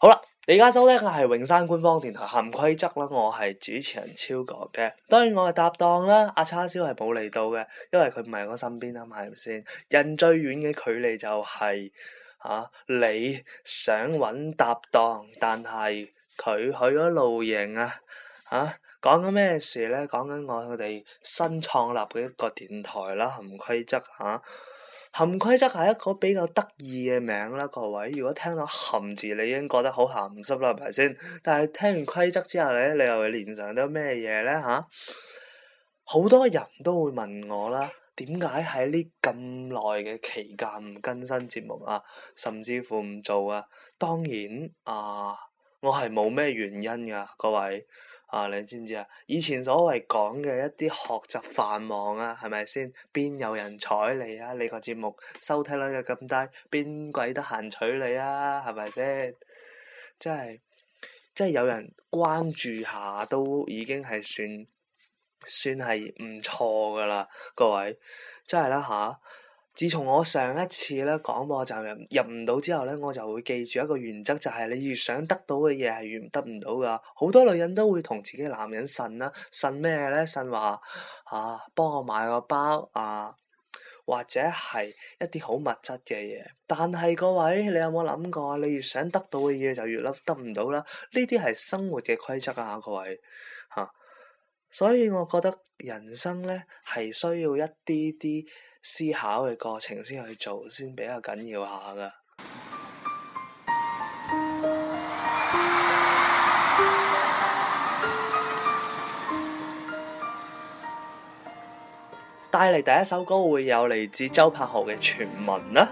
好啦，而家收呢我係榮山官方電台《冚規則》啦，我係主持人超哥嘅，當然我嘅搭檔啦，阿、啊、叉燒係冇嚟到嘅，因為佢唔係我身邊啦，係咪先？人最遠嘅距離就係、是、啊，你想搵搭檔，但係佢去咗露營啊，啊，講緊咩事咧？講緊我哋新創立嘅一個電台啦，《冚規則》啊。含規則係一個比較得意嘅名啦，各位。如果聽到含字，你已經覺得好鹹濕啦，係咪先？但係聽完規則之後咧，你又會聯想到：「得咩嘢咧嚇？好多人都會問我啦，點解喺呢咁耐嘅期間唔更新節目啊？甚至乎唔做啊？當然啊，我係冇咩原因㗎，各位。啊！你知唔知啊？以前所謂講嘅一啲學習繁忙啊，係咪先？邊有人睬你啊？你個節目收聽率又咁低，邊鬼得閒取你啊？係咪先？即係，即係有人關注下都已經係算，算係唔錯㗎喇，各位，真係啦吓。啊自從我上一次呢廣播站入入唔到之後呢，我就會記住一個原則，就係你越想得到嘅嘢係越得唔到㗎。好多女人都會同自己男人呻啦、啊，呻咩呢？呻話啊，幫我買個包啊，或者係一啲好物質嘅嘢。但係各位，你有冇諗過？你越想得到嘅嘢，就越得唔到啦。呢啲係生活嘅規則啊，各位嚇、啊。所以我覺得人生呢係需要一啲啲。思考嘅過程先去做，先比較緊要下㗎。帶嚟第一首歌會有嚟自周柏豪嘅《傳聞》啦。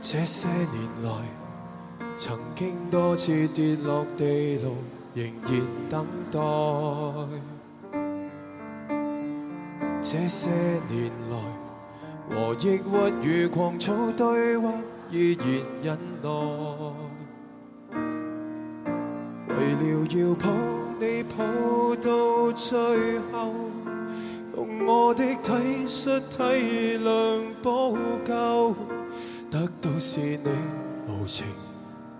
這些年來。曾經多次跌落地牢，仍然等待。這些年來，和抑鬱與狂躁對話，依然忍耐。為了要抱你抱到最後，用我的體恤體諒補救，得到是你無情。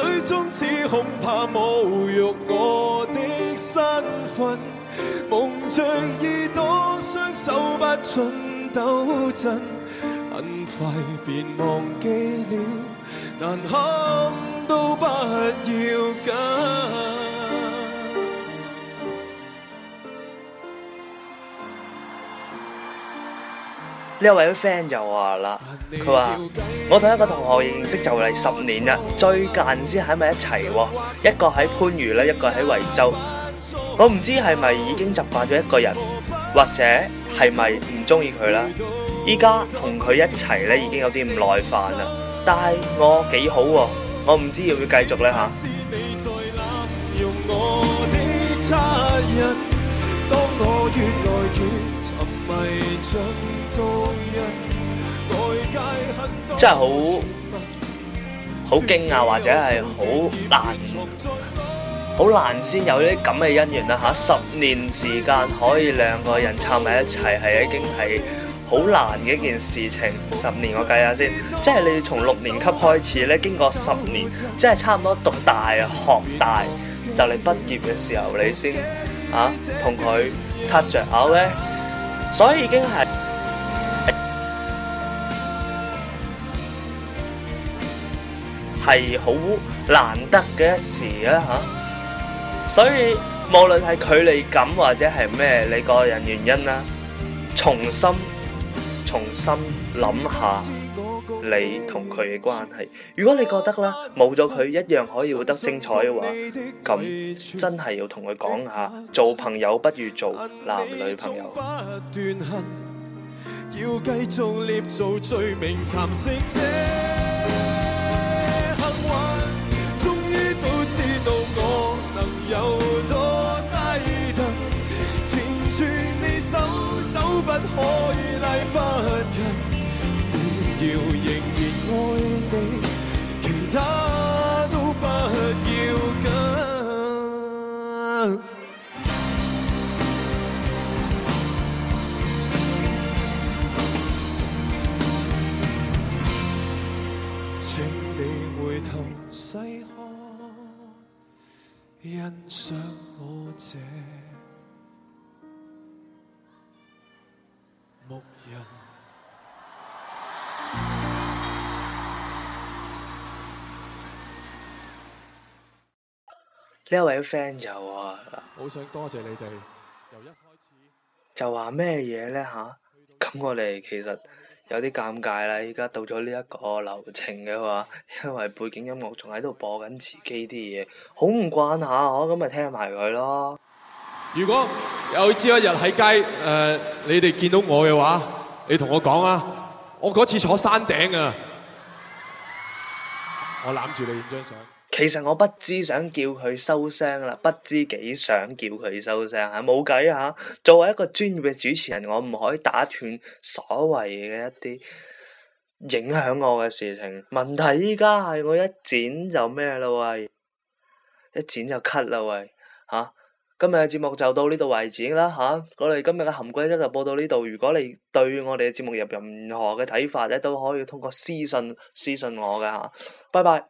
最終只恐怕侮辱我的身份，蒙著耳朵，雙手不准抖震，很快便忘記了，難堪都不要緊。呢位嘅 friend 就話啦，佢話我同一個同學認識就嚟十年啦，最近先喺埋一齊喎，一個喺番禺咧，一個喺惠州，我唔知係咪已經習慣咗一個人，或者係咪唔中意佢啦？依家同佢一齊咧已經有啲唔耐煩啦，但係我幾好喎，我唔知要唔要繼續咧嚇。真係好好驚訝，或者係好難，好難先有呢啲咁嘅姻緣啦！吓、啊，十年時間可以兩個人湊埋一齊，係已經係好難嘅一件事情。十年，我計下先，即係你從六年級開始咧，經過十年，即係差唔多讀大學大就嚟畢業嘅時候，你先啊同佢擦着口咧。所以已經係係好難得嘅一時啊嚇！所以無論係距離感或者係咩，你個人原因啦，重新重新諗下。你同佢嘅關係，如果你覺得啦，冇咗佢一樣可以活得精彩嘅話，咁真係要同佢講下，做朋友不如做男女朋友。請你回頭細看，欣賞我這牧人。呢、嗯、位 friend 就話：好想多謝你哋，由一開始就話咩嘢呢？吓、啊，咁我哋其實。有啲尷尬啦，依家到咗呢一個流程嘅話，因為背景音樂仲喺度播緊自己啲嘢，好唔慣下呵，咁咪聽埋佢咯。如果有朝一日喺街，呃，你哋見到我嘅話，你同我講啊，我嗰次坐山頂啊，我攬住你影張相。其實我不知想叫佢收聲啦，不知幾想叫佢收聲吓，冇計啊吓！作為一個專業嘅主持人，我唔可以打斷所謂嘅一啲影響我嘅事情。問題依家係我一剪就咩啦喂，一剪就 cut 啦喂吓，啊！今日嘅節目就到呢度為止啦吓，啊，我哋今日嘅《冚規則》就播到呢度。如果你對我哋嘅節目有任何嘅睇法咧，都可以通過私信私信我嘅吓，啊，拜拜。